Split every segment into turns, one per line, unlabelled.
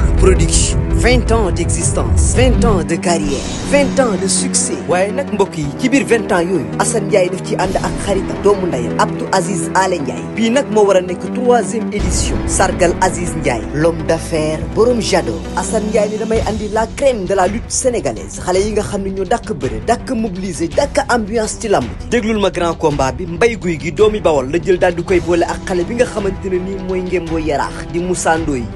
Baol Production 20 ans d'existence 20 ans de carrière 20 ans de succès waaye nag mbokk yi ci biir 20 ans yooyu Assane Ndiaye daf ci ànd ak xarita doomu ndeyam Abdou Aziz Ale Ndiaye bii nag moo war a nekk troisième édition sargal Aziz Ndiaye l'homme d'affaires borom jado Assane Ndiaye ni damay indi la crème de la lutte sénégalaise xale yi nga xam ne ñoo dàkk bëre dàkk mobiliser dàkk ambiance ci lamb ji déglul ma grand combat bi mbay guy gi doomi Baol la jël daal du koy boole ak xale bi nga xamante ne nii mooy ngémboo yaraax di Moussa Ndoye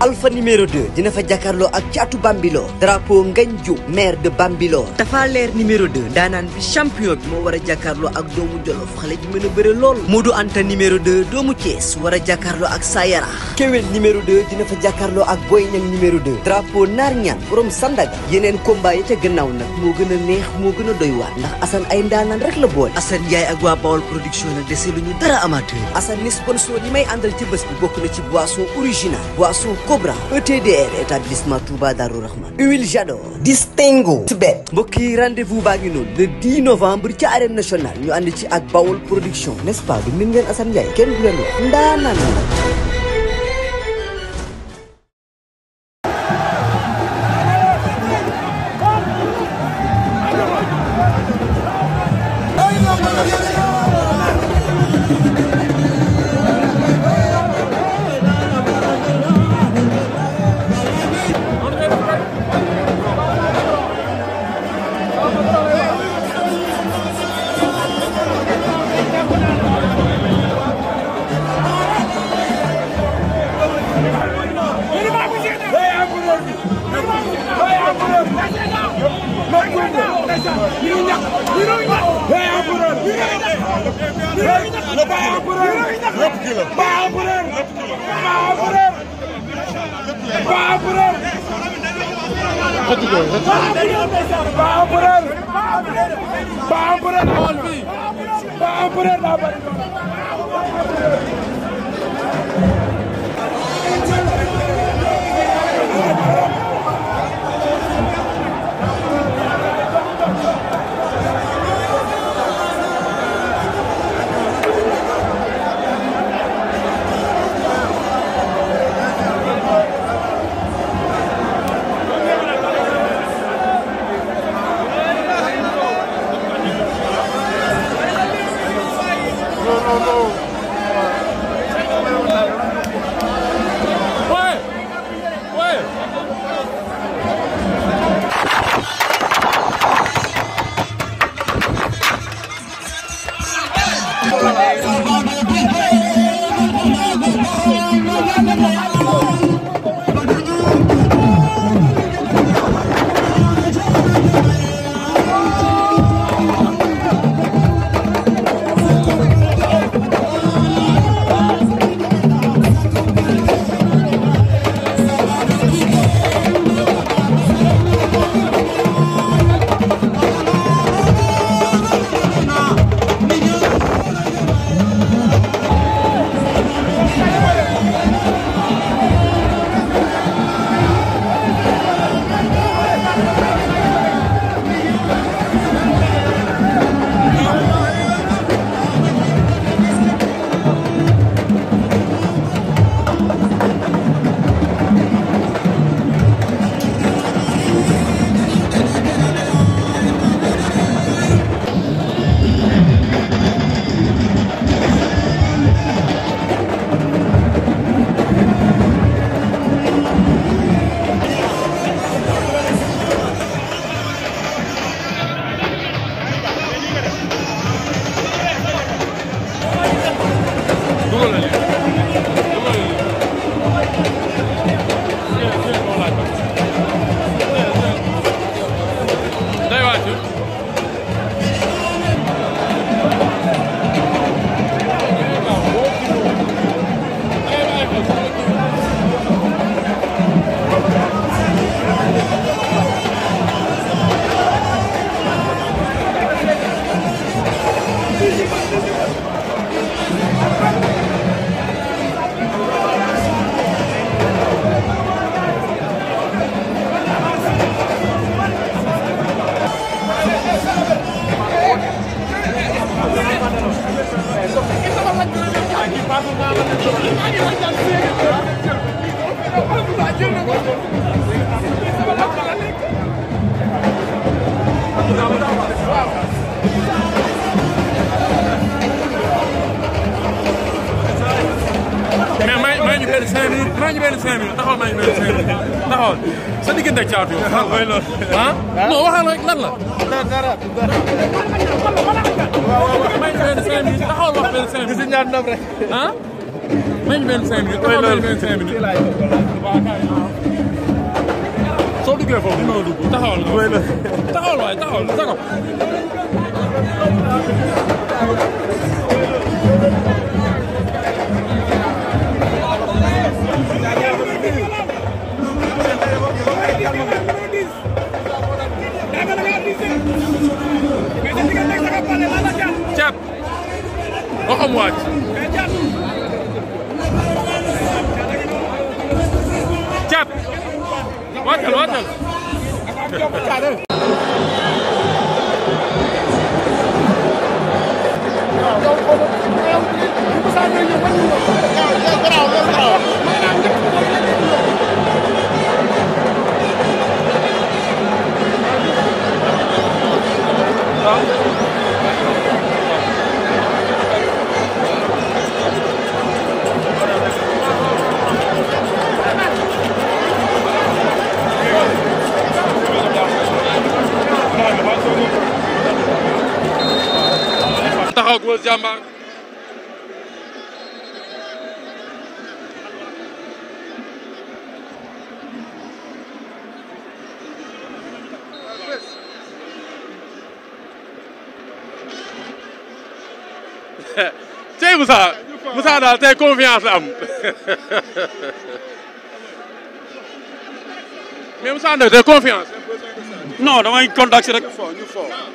dafa jàkkaarloo ak caatu Bambilor drapeau Ngagne Diouf maire de Bambilor dafa leer numéro 2 daanaan bi champion bi moo war a jàkkaarloo ak doomu Jolof xale bi mën a bëre lool du Anta numéro 2 doomu Thiès war a jàkkaarloo ak Sayara Kewel numéro 2 dina fa jàkkarloo ak Boy Niang numéro 2 drapeau Naar Ñaan borom Sandaga yeneen combat yi ca gannaaw nag moo gën a neex moo gën a doy waar ndax Assane ay ndaanaan rek la boole Assane Ndiaye ak waa Bawol production nag dese lu ñu dara amateur Assane ni sponsor yi may àndal ci bés bi bokk na ci boisson original boisson Cobra ETDR établissement Touba Darou Rahman huile Jador distingo Sibet mbokk yi rendez-vous baa le 10 novembre ci arène national ñu ànd ci ak Bawol production n'est-ce pas du min ngeen Assane Ndiaye kenn du leen wax ndaanaan Ba empereur la no, no. maa ngi benn cinq minutes taxawal maa ngi benn cinq minutes taxawal sa diggante ak caatu yow. waaw ah, mooy loolu. Ah? ah non waxal rek lan la. dara dara. waaw waaw maa ngi benn cinq minutes taxawal wax benn cinq minutes. gis nga ñaar ndam rek. ah. même benn cinq minutes même benn cinq minutes soo duggee foofu dina dugg taxawal nga taxawal waaye taxawal waatal waatal Beuz Diambar tey Moussa Moussa daal tey confiance la am mais Moussa Ndoye tey confiance. non damay contact rek.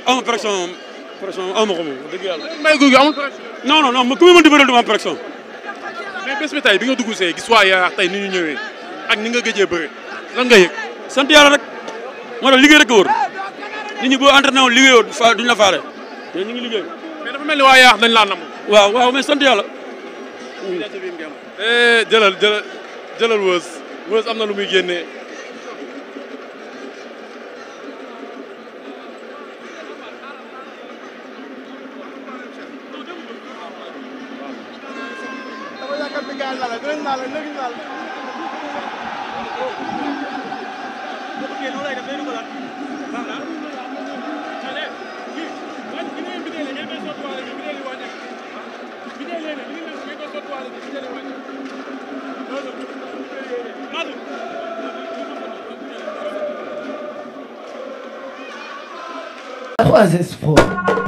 un personne. pression aw ma ko moom dëgg yàlla. mbay guy gi amul pression. non ma mën bi tey bi see gis waa tey ni ñu ñëwee ak ni nga gëjee bëre la nga yëg. sant yàlla rek moo tax liggéey rek a wër nit ñi boo entraîné woon liggéeyoo duñ la faale mais ñu ngi liggéey. mais dafa mel ni waa Yaraax dañ laa nam. waaw waaw mais sant yàlla. Eh, jëlal jëlal jëlal wës wës am lu muy génnee. Beyazlar'la, Gönüller'le, Gönüller'le. Bakın oraya da böyle kadar. Tamam lan. Hadi. Lan gidelim bir deyle. Gelmez o tuvalete. Bir deyle oynayalım. Bir deyle. Bir deyle. Gelmez o tuvalete. Bir deyle oynayalım. Ne oldu? Ne oldu? That was his fault.